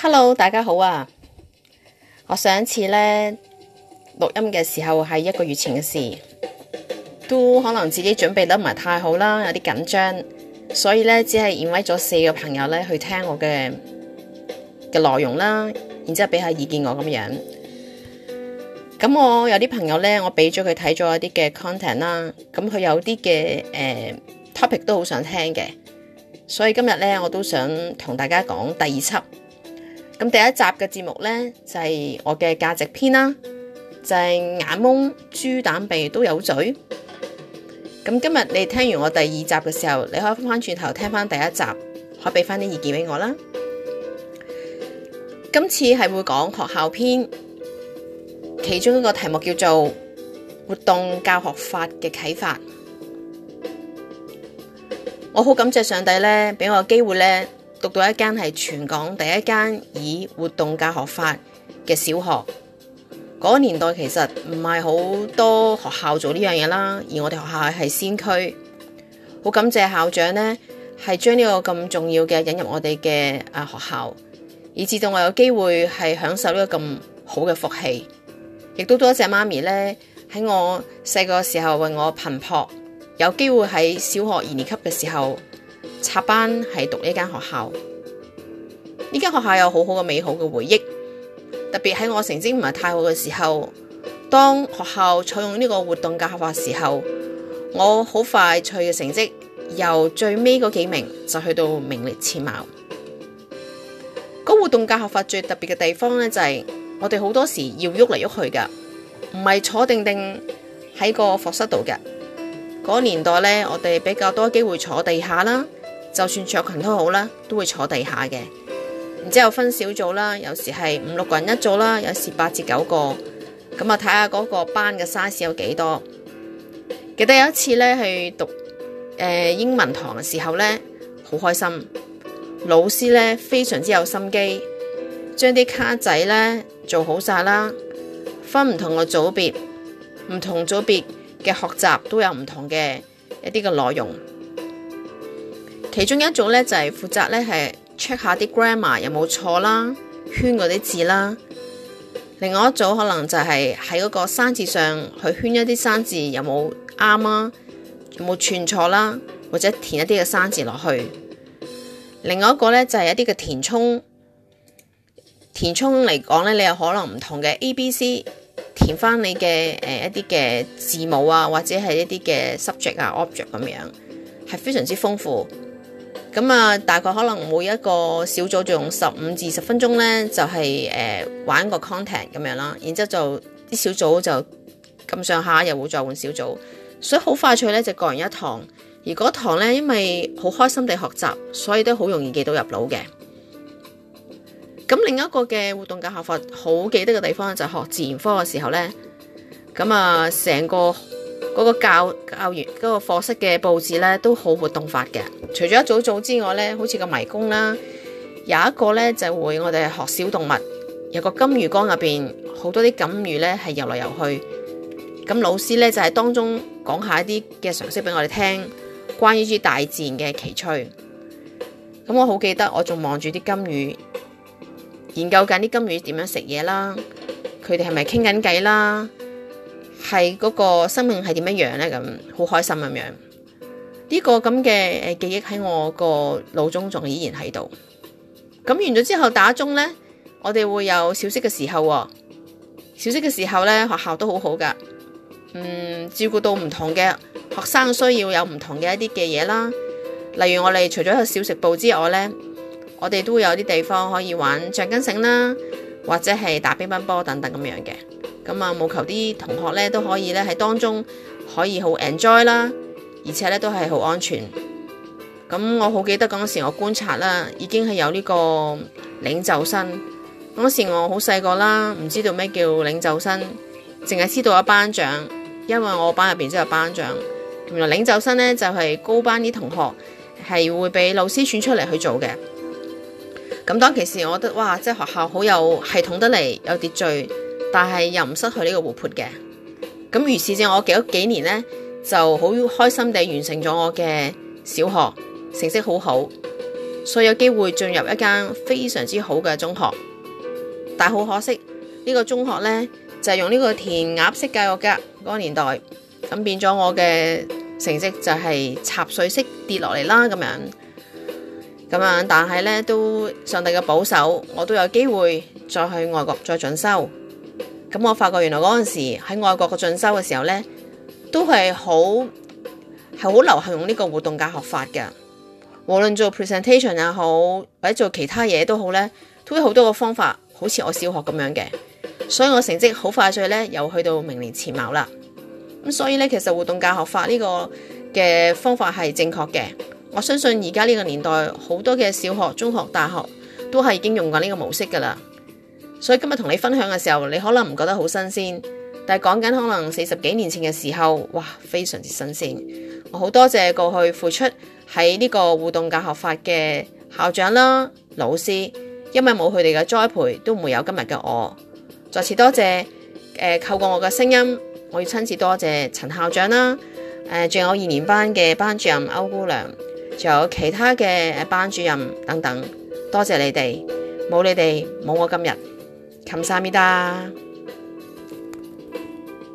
Hello，大家好啊！我上一次咧，錄音嘅時候係一個月前嘅事，都可能自己準備得唔係太好啦，有啲緊張，所以咧只係 invite 咗四個朋友咧去聽我嘅嘅內容啦，然之後俾下意見我咁樣。咁我有啲朋友咧，我俾咗佢睇咗一啲嘅 content 啦，咁佢有啲嘅誒 topic 都好想聽嘅，所以今日咧我都想同大家講第二輯。咁第一集嘅節目呢，就係、是、我嘅價值篇啦、啊，就係、是、眼蒙、豬膽鼻都有嘴。咁今日你聽完我第二集嘅時候，你可以翻轉頭聽翻第一集，可以俾翻啲意見俾我啦。今次係會講學校篇，其中一個題目叫做活動教學法嘅啟發。我好感謝上帝呢，俾我嘅機會呢。讀到一間係全港第一間以活動教學法嘅小學，嗰個年代其實唔係好多學校做呢樣嘢啦，而我哋學校係先驅。好感謝校長呢係將呢個咁重要嘅引入我哋嘅誒學校，以至到我有機會係享受呢個咁好嘅福氣，亦都多謝媽咪呢喺我細個嘅時候為我頻撲，有機會喺小學二年級嘅時候插班係讀呢間學校，呢間學校有好好嘅美好嘅回憶。特別喺我成績唔係太好嘅時候，當學校採用呢個活動教學法嘅時候，我好快脆嘅成績由最尾嗰幾名就去到名列前茅。嗰活動教學法最特別嘅地方呢，就係我哋好多時要喐嚟喐去噶，唔係坐定定喺個課室度嘅。嗰年代呢，我哋比較多機會坐地下啦。就算着裙都好啦，都會坐地下嘅。然之後分小組啦，有時係五六個人一組啦，有時八至九個。咁啊，睇下嗰個班嘅 size 有幾多。記得有一次咧去讀誒、呃、英文堂嘅時候咧，好開心。老師咧非常之有心機，將啲卡仔咧做好晒啦，分唔同嘅組別，唔同組別嘅學習都有唔同嘅一啲嘅內容。其中一組咧就係、是、負責咧係 check 下啲 grammar 有冇錯啦，圈嗰啲字啦。另外一組可能就係喺嗰個生字上去圈一啲生字有冇啱啊，有冇串錯啦，或者填一啲嘅生字落去。另外一個咧就係、是、一啲嘅填充，填充嚟講咧你有可能唔同嘅 A、B、呃、C 填翻你嘅誒一啲嘅字母啊，或者係一啲嘅 subject 啊、object 咁、啊、樣，係非常之豐富。咁啊，大概可能每一個小組就用十五至十分鐘咧，就係、是、誒、呃、玩個 content 咁樣啦。然之後就啲小組就咁上下，又會再換小組，所以好快脆咧就過完一堂。而嗰堂咧，因為好開心地學習，所以都好容易記到入腦嘅。咁另一個嘅活動教學法好記得嘅地方，就係、學自然科嘅時候咧，咁啊成個嗰個教教員嗰、嗰個課室嘅佈置咧，都好活動法嘅。除咗一早一早之外咧，好似個迷宮啦，有一個咧就會我哋學小動物，有個金魚缸入邊好多啲金魚咧係游來游去，咁老師咧就係、是、當中講一下一啲嘅常識俾我哋聽，關於啲大自然嘅奇趣。咁我好記得，我仲望住啲金魚，研究緊啲金魚點樣食嘢啦，佢哋係咪傾緊偈啦？係嗰個生命係點樣樣咧？咁好開心咁樣。呢、這個咁嘅誒記憶喺我個腦中仲依然喺度。咁完咗之後打鐘呢，我哋會有小息嘅時候喎、哦。小息嘅時候呢，學校都很好好噶。嗯，照顧到唔同嘅學生需要有唔同嘅一啲嘅嘢啦。例如我哋除咗去小食部之外呢，我哋都會有啲地方可以玩橡筋繩啦，或者係打乒乓波等等咁樣嘅。咁啊，務求啲同學呢都可以呢喺當中可以好 enjoy 啦。而且咧都係好安全。咁我好記得嗰時我觀察啦，已經係有呢個領袖生。嗰時我好細個啦，唔知道咩叫領袖生，淨係知道一班長，因為我班入邊只有班長。原來領袖生呢，就係高班啲同學係會畀老師選出嚟去做嘅。咁當其時，我覺得哇，即係學校好有系統得嚟，有秩序，但係又唔失去呢個活潑嘅。咁於是正我幾多幾年呢。就好開心地完成咗我嘅小學，成績好好，所以有機會進入一間非常之好嘅中學。但好可惜，呢個中學呢，就係用呢個填鴨式教育噶嗰個年代，咁變咗我嘅成績就係插水式跌落嚟啦，咁樣。咁啊，但係呢，都上帝嘅保守，我都有機會再去外國再進修。咁我發覺原來嗰陣時喺外國嘅進修嘅時候呢。都係好係好流行用呢個活動教學法嘅，無論做 presentation 也好，或者做其他嘢都好咧，推好多嘅方法，好似我小學咁樣嘅，所以我成績好快脆咧，又去到明年前茅名列前茅啦。咁所以咧，其實活動教學法呢個嘅方法係正確嘅。我相信而家呢個年代好多嘅小學、中學、大學都係已經用緊呢個模式噶啦，所以今日同你分享嘅時候，你可能唔覺得好新鮮。但係講緊可能四十幾年前嘅時候，哇，非常之新鮮。我好多謝過去付出喺呢個活動教學法嘅校長啦、老師，因為冇佢哋嘅栽培，都冇有今日嘅我。再次多謝，誒、呃，透過我嘅聲音，我要親自多謝陳校長啦，誒、呃，仲有二年班嘅班主任歐姑娘，仲有其他嘅班主任等等，多謝你哋，冇你哋冇我今日。Kamshamida